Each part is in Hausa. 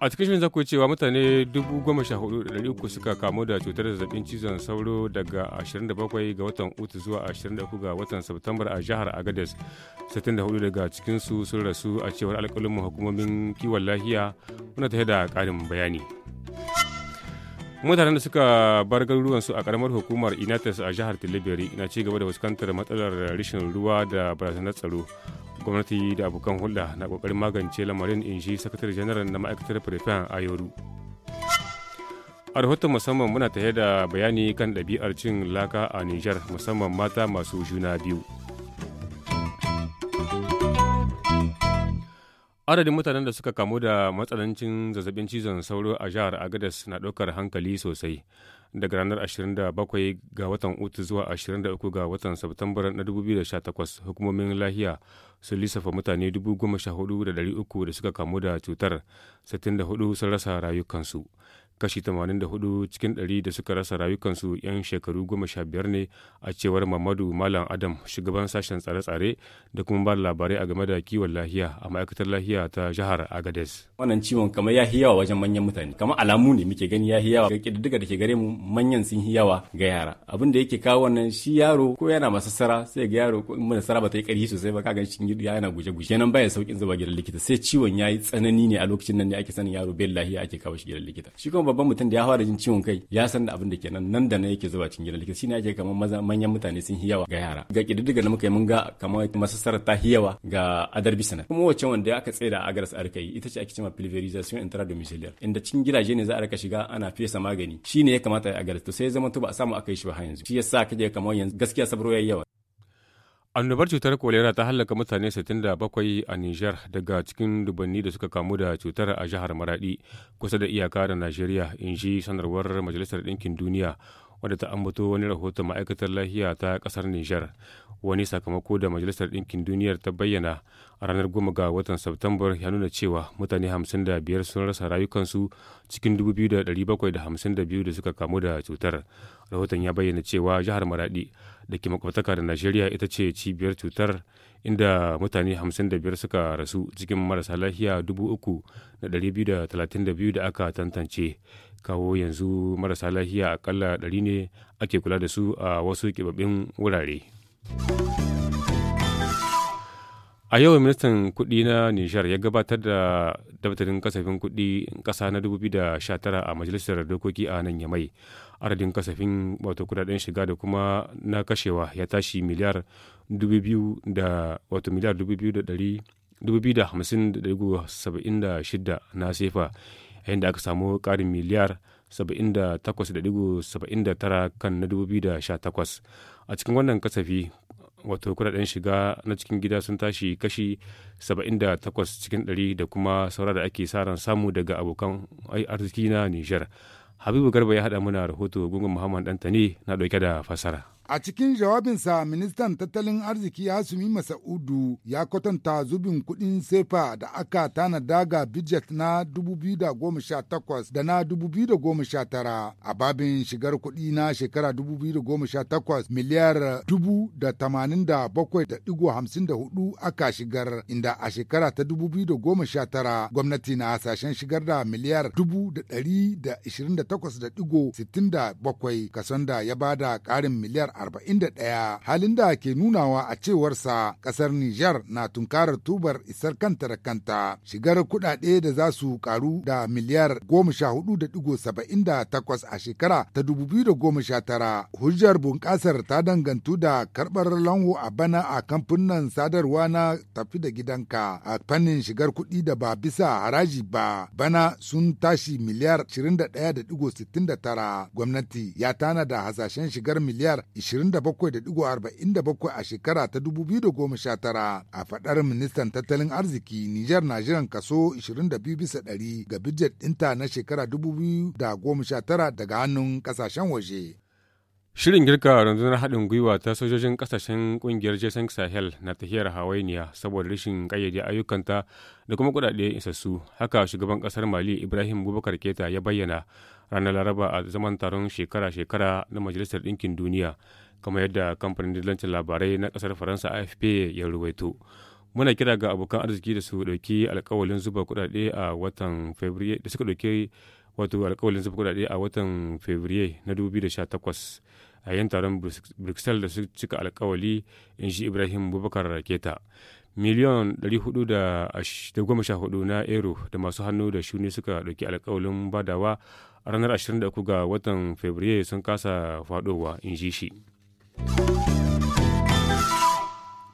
a cikin shirin zaku cewa mutane 14,300 suka kamu da cutar zazzabin cizon sauro daga 27 ga watan utu zuwa 23 ga watan september a jihar agadez 64 daga cikinsu sun rasu a cewar alƙalin hukumomin kiwon lafiya ta yi da ƙarin bayani mutanen da suka bar su a karamar hukumar inatas a jihar tilibiri na ci gaba da fuskantar matsalar rashin ruwa da barazanar tsaro gwamnati da abokan hulɗa na ƙoƙarin magance lamarin in shi sakatare janar na ma'aikatar firifin a yoru a rahoton musamman muna tare da bayani kan ɗabi'ar cin laka a nijar musamman mata masu juna biyu adadin mutanen da suka kamu da matsanancin zazzabin cizon sauro a jihar agadas na ɗaukar hankali sosai daga ranar 27 ga watan uku zuwa 23 ga watan Satumbar na 2018 hukumomin lahiya sun lissafa mutane 14,300 da suka kamu da cutar 64 sun rasa rayukansu. kashi 84 cikin 100 da suka rasa rayukansu 'yan shekaru 15 ne a cewar mamadu malam adam shugaban sashen tsare-tsare da kuma ba labarai a game da kiwon lahiya a ma'aikatar lahiya ta jihar agades wannan ciwon kamar ya yawa wajen manyan mutane kamar alamu ne muke gani ya yawa ga kididdiga da ke gare mu manyan sun yawa ga yara abin da yake kawo wannan shi yaro ko yana masassara sai ga yaro ko mun sara ba ta yi ƙarfi sosai ba kaga shi yana guje-guje nan baya saukin zuwa gidan likita sai ciwon ya yi tsanani ne a lokacin nan ne ake sanin yaro bai lahiya ake kawo shi gidan likita shi kuma babban mutum da ya fara jin ciwon kai ya san da abin da kenan nan da nan yake zuba cikin gidan likita shine ake kamar manyan mutane sun hiyawa ga yara ga kididdiga da muka yi mun ga kamar masassarar ta hiyawa ga adar bisana kuma wacce wanda aka tsaida a garas arka yi ita ce ake cewa pulverization intradomiciliaire inda cikin gidaje ne za a rika shiga ana fesa magani shi shine ya kamata a garas to sai ya zama to ba a samu aka yi shi ba har yanzu shi yasa kaje kamar yanzu gaskiya sabro yayi yawa annobar cutar kolera ta hallaka mutane 67 a Nijar daga cikin dubanni da suka kamu da cutar a jihar Maradi kusa da iyaka da Najeriya in ji sanarwar Majalisar Ɗinkin Duniya wadda ta ambato wani rahoton ma'aikatar lafiya ta kasar Nijar wani sakamako da Majalisar Ɗinkin Duniyar ta bayyana a ranar goma ga watan Satumbar ya nuna cewa mutane 55 sun rasa rayukansu cikin 2,752 da suka kamu da cutar. Rahoton ya bayyana cewa jihar Maradi da ke da najeriya ita ce cibiyar cutar inda mutane 55 suka rasu cikin marasa lafiya 3,232 da aka tantance kawo yanzu marasa lafiya akalla 100 ne ake kula da su a wasu kibabbin wurare. A yau ministan kuɗi na nishar ya gabatar da daftarin kasafin kuɗi ƙasa na 2019 a majalisar dokoki a nan Yamai. Adadin kasafin wato kudaden shiga da kuma na kashewa ya tashi miliyar 2,000 da wato miliyar na sefa yayin da aka samu karin miliyar 78.79 kan na 2018. A cikin wannan kasafi wato kudaden shiga na cikin gida sun tashi kashi 78 cikin 100 da kuma saura da ake sa ran samu daga abokan arziki na Nijar. Habibu Garba ya haɗa mana rahoto gungun Muhammad Dantani na ɗauke da fasara. A cikin jawabinsa ministan tattalin arziki Masa Udu ya kwatanta zubin kuɗin sefa da aka tanada ga budget na 2018 da na 2019 a babin shigar kuɗi na shekara 2018 miliyar 87.54 aka shigar inda a shekara ta 2019 gwamnati na hasashen shigar da miliyar 128.67 kason da ya bada ƙarin miliyar 41 halin da ke nunawa a cewarsa kasar Nijar na tunkarar tubar isar kanta da kanta shigar kuɗaɗe da za su karu da miliyar 14.78 a shekara ta 2019 hujjar bunƙasar ta dangantu da karɓar lango a bana a kamfunan sadarwa na tafi da gidanka a fannin shigar kuɗi da ba bisa haraji ba bana sun tashi miliyar 21.69 gwamnati ya tana da hasashen shigar miliyar 27.47 a shekara ta 2019 a faɗar ministan tattalin arziki Nijar na jiran kaso 22 bisa ga bijet ɗinta na shekara 2019 daga hannun ƙasashen waje. Shirin girka rundunar haɗin gwiwa ta sojojin ƙasashen ƙungiyar Jason Sahel na tafiyar hawainiya saboda rashin ƙayyade ayyukanta da kuma kuɗaɗe isassu. Haka shugaban ƙasar Mali Ibrahim Bubakar Keta ya bayyana ranar Laraba a zaman taron shekara-shekara na Majalisar Ɗinkin Duniya, kamar yadda kamfanin dillancin labarai na ƙasar Faransa AFP ya ruwaito. Muna kira ga abokan arziki da su ɗauki alƙawalin zuba kuɗaɗe a watan Fabrairu da suka ɗauki wato alƙawalin zuba kuɗaɗe a watan Fabrairu na 2018. a yan taron bruxelles da su cika alkawali in shi ibrahim bubakar raketa miliyan 414 na ero da masu hannu da shuni suka ɗauki alkawalin badawa a ranar 23 ga watan Fabrairu sun kasa fadowa in ji shi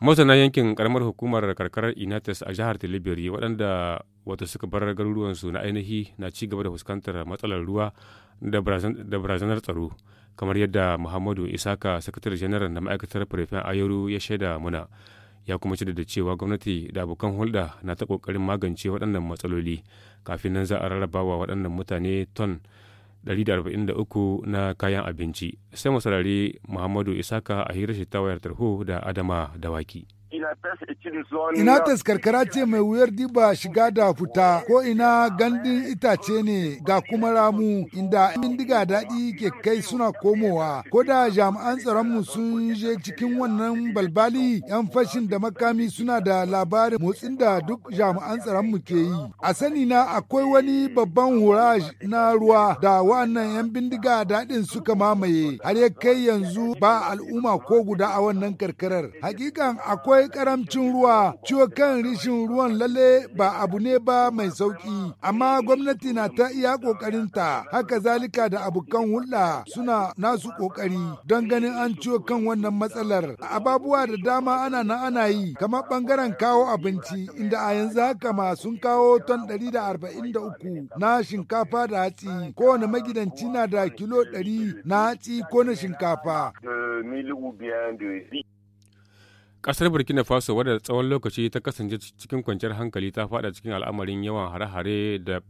masana yankin karamar hukumar karkarar inates a jihar tilibiri waɗanda wata suka bar garuruwansu na ainihi na ci gaba da fuskantar matsalar ruwa da barazanar tsaro kamar yadda muhammadu isaka sakatare janar na ma'aikatar farfen ayaru ya shaida muna ya kuma shaida da cewa gwamnati da abokan hulɗa na ta ƙoƙarin magance waɗannan matsaloli kafin nan za a rarraba wa waɗannan mutane ton 143 na kayan abinci sai masarari muhammadu isaka a hirar shi ta wayar tarho da adama dawaki. Ina karkara ce mai wuyar diba shiga da fita ko ina gandun itace ne ga kuma ramu inda bindiga daɗi ke kai suna komowa. Ko da jami'an tsaronmu sun je cikin wannan balbali 'yan fashin da makami suna da labarin motsin da duk jami'an tsaronmu ke yi. A sani na akwai wani babban hura na ruwa da wannan 'yan bindiga daɗin suka mamaye har ya kai yanzu ba al'umma ko guda a wannan karkarar. Hakikan akwai akwai karamcin ruwa ciwo kan rishin ruwan lalle ba abu ne ba mai sauki amma gwamnati na ta iya kokarinta haka zalika da abokan hulɗa suna nasu kokari don ganin an ciwo kan wannan matsalar ababuwa da dama ana na ana yi kamar bangaren kawo abinci inda a yanzu haka ma sun kawo ton 143 na shinkafa da hatsi kowane magidanci na da kilo 100 na hatsi ko na shinkafa. Ƙasar Burkina Faso wadda tsawon lokaci ta kasance cikin kwanciyar hankali ta fada cikin al'amarin yawan hare-hare da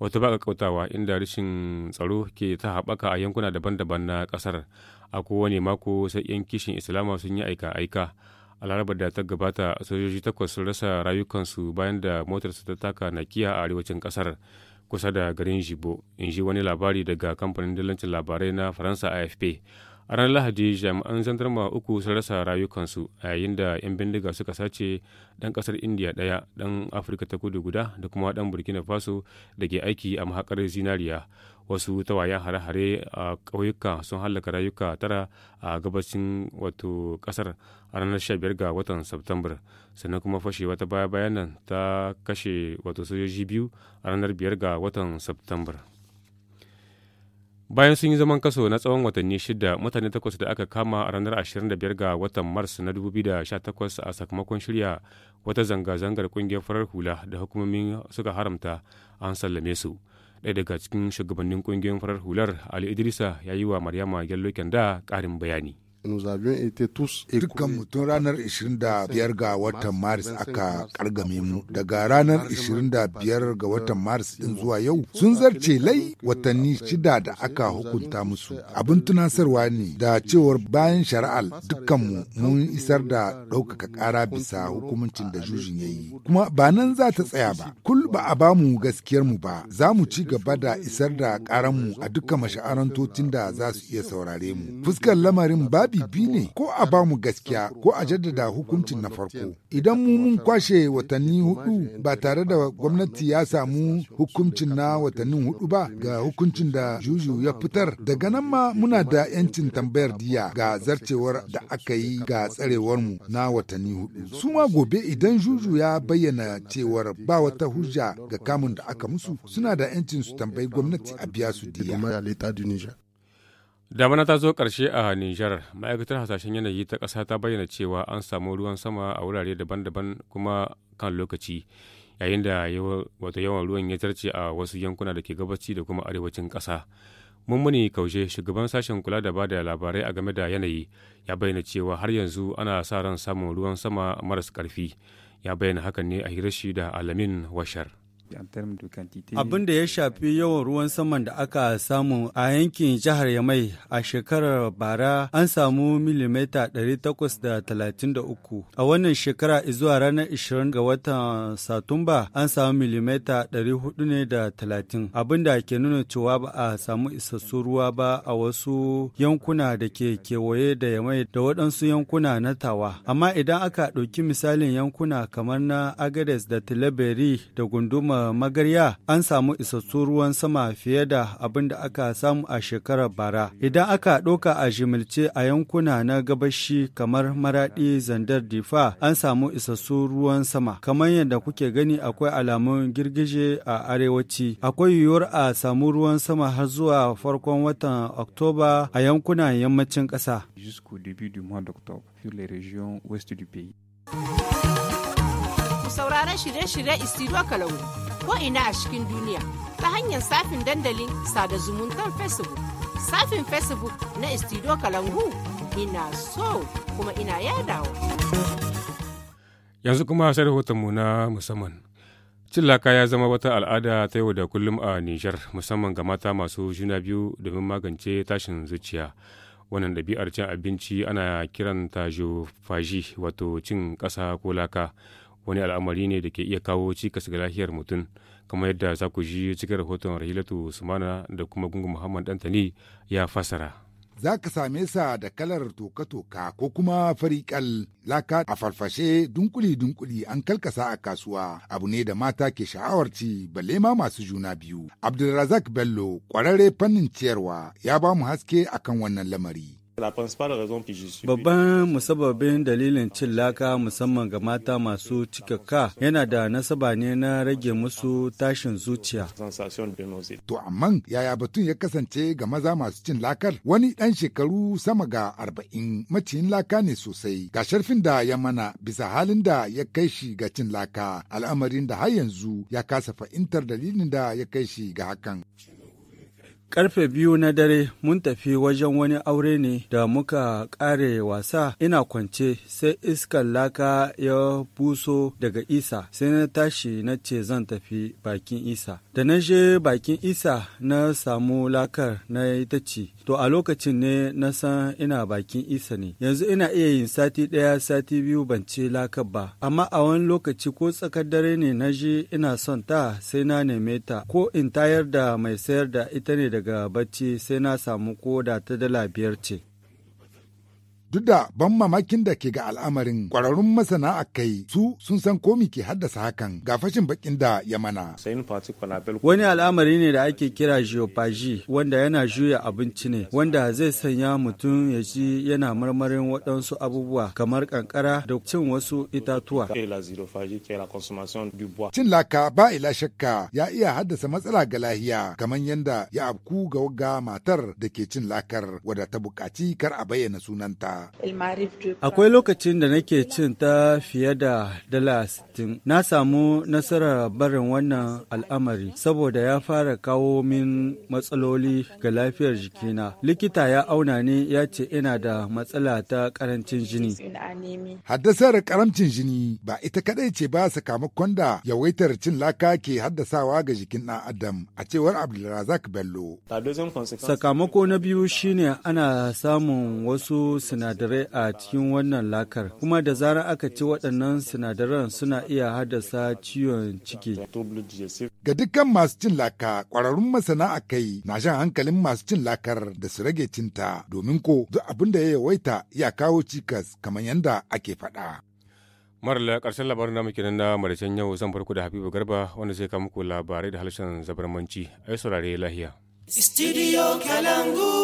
wata baka kautawa inda rashin tsaro ke ta haɓaka a yankuna daban-daban na ƙasar. A kowane mako sai 'yan kishin Islama sun yi aika-aika. A larabar da ta gabata sojoji takwas sun rasa rayukansu bayan da motarsu ta taka nakiya a arewacin ƙasar kusa da garin Jibo, in ji wani labari daga kamfanin dillancin labarai na Faransa AFP. a ranar lahadi jami'an zandarma uku sun rasa rayukansu a yayin da 'yan bindiga suka sace dan kasar indiya daya dan afirka ta kudu guda da kuma dan burkina faso da ke aiki a mahakar zinariya wasu tawayen hare-hare a ƙauyuka sun hallaka rayuka tara a gabashin wato kasar a ranar 15 ga watan september sannan kuma fashe wata baya-bayan ta kashe wato sojoji biyu a ranar 5 ga watan september. bayan sun yi zaman kaso na tsawon watanni shida mutane takwas da aka kama a ranar 25 ga watan mars na 2018 a sakamakon shirya wata zanga-zangar kungiyar farar hula da hukumomin suka haramta an sallame su ɗaya daga cikin shugabannin kungiyar farar hular ali idrisa ya yi wa maryama gyallo da ƙarin bayani nous avions été tous dukkanmu tun ranar 25 ga watan maris aka kargame mu daga ranar 25 ga watan maris din zuwa yau sun zarce lai watanni shida da aka hukunta musu abin tunasarwa ne da cewar bayan shari'al dukkanmu mun isar da ɗaukaka ƙara bisa hukumancin da jujin ya yi kuma ba nan za ta tsaya ba kul ba a ba mu gaskiyar mu ba za mu ci gaba da isar da mu a dukkan masha'arantocin da za su iya saurare mu fuskar lamarin babu zaɓi biyu ne ko a ba mu gaskiya ko a jaddada hukuncin na farko. Idan mu mun kwashe watanni hudu ba tare da gwamnati ya samu hukuncin na watannin hudu ba ga hukuncin da juju ya fitar daga nan ma muna da 'yancin tambayar diya ga zarcewar da aka yi ga tsarewar mu na watanni hudu. Su ma gobe idan juju ya bayyana cewar ba wata hujja ga kamun da aka musu suna da 'yancin su tambayi gwamnati a biya su diya. damana ta zo karshe a nijar ma'aikatar hasashen yanayi ta ƙasa ta bayyana cewa an samu ruwan sama a wurare daban-daban kuma kan lokaci yayin da wato yawan ruwan ya tarce a wasu yankuna da ke gabaci da kuma arewacin ƙasa mummuni kaushe shugaban sashen kula da bada labarai a game da yanayi ya bayyana cewa har yanzu ana sa ran samun ruwan sama maras karfi ya bayyana hakan ne a hirashi da alamin washar Abin da ya shafi yawan ruwan saman da aka samu a yankin jihar Yamai a shekarar bara an samu milimita 833. A wannan shekara zuwa ranar 20 ga watan Satumba an samu milimita 430. Abin da ke nuna cewa ba a samu isassun ruwa ba a wasu yankuna da ke kewaye da Yamai da waɗansu yankuna na Tawa. Amma idan aka ɗauki misalin yankuna kamar na Agades da Tilaberi da gunduma magarya an samu isassun ruwan sama fiye da abin da aka samu a shekarar bara. Idan aka ɗauka a jimilce a yankuna na gabashi kamar maraɗi zandar difa an samu isassun ruwan sama. Kamar yadda kuke gani akwai alamun girgije a arewaci. Akwai yiwuwar a samu ruwan sama har zuwa farkon watan Oktoba a yankuna yammacin kasa. sauraron shirye-shirye istiro kalangu ko'ina a cikin duniya ta hanyar safin dandalin sada zumuntar facebook safin facebook na istido kalangu ina so kuma ina yadawa yanzu kuma sai mu na musamman cin laka ya zama wata al'ada ta yau da kullum a nijar musamman ga mata masu juna biyu domin magance tashin zuciya wannan ɗabi'ar cin abinci ana kiranta jofaji wato cin ƙasa ko laka wani al'amari ne da ke iya kawo cikas ga lafiyar mutum kamar yadda za ku ji cikin rahoton rahilatu sumana da kuma gungun muhammad dantani ya fasara za ka same sa da kalar toka-toka ko kuma fariƙal laka a farfashe dunkuli-dunkuli an kalkasa a kasuwa abu ne da mata ke sha'awar ci balle ma masu juna biyu abdulrazak bello ƙwararre fannin ciyarwa ya ba mu haske akan wannan lamari Babban musababin dalilin cin laka musamman ga mata masu cikakka yana da nasaba ne na rage musu tashin zuciya. To amma yaya batun ya kasance ga maza masu cin lakar wani ɗan shekaru sama ga arba'in maciyin laka ne sosai ga sharfin da ya mana bisa halin da ya kai shi ga cin laka al'amarin da har yanzu ya kasa fahimtar dalilin da ya kai shi ga hakan. Karfe biyu na dare mun tafi wajen wani aure ne da muka ƙare wasa ina kwance sai iskar laka ya buso daga isa sai na tashi na ce zan tafi bakin isa. Da na je bakin isa na samu lakar na yi ta ci. To a lokacin ne na san ina bakin isa ne. Yanzu ina iya yin sati ɗaya sati biyu ban ce lakar ba. Amma a wani lokaci ko tsakar dare ne na je ina son ta sai na neme ta ko in tayar da mai sayar da ita ne daga daga bacci sai na samu koda ta dala biyar ce. Duk da ban mamakin da ke ga al'amarin kwararrun masana a kai su sun san komi ke haddasa hakan ga fashin bakin da ya mana. Wani al'amari ne da ake kira geopagi wanda yana juya abinci ne wanda zai sanya mutum ya ji yana marmarin waɗansu abubuwa kamar kankara da cin wasu itatuwa. Cin laka ba ila shakka ya iya haddasa matsala ga lahiya kamar yadda ya abku ga matar da ke cin lakar wadda ta bukaci kar a bayyana sunanta. Akwai lokacin da nake cin ta fiye da dala 60. Na samu nasarar barin wannan al'amari saboda ya fara kawo min matsaloli ga lafiyar jikina. Likita ya auna ne ya ce ina da matsala ta karancin jini. Haddasar karamcin jini ba ita kadai ce ba sakamakon da yawaitar cin laka ke haddasawa ga jikin ɗan adam a cewar Abdulrazak Bello. Sakamako na biyu shine ana samun wasu sinadarai sinadarai a cikin wannan lakar kuma da zarar aka ci waɗannan sinadaran suna iya haddasa ciwon ciki ga dukkan masu cin laka kwararrun masana a kai na shan hankalin masu cin lakar da su rage cinta domin ko duk abin da ya yawaita ya kawo cikas kamar yadda ake faɗa. marla ƙarshen labarin namu kenan na maricen yau zan farko da habibu garba wanda zai kawo muku labarai da harshen zabarmanci ai saurare lahiya. Studio Kalangu.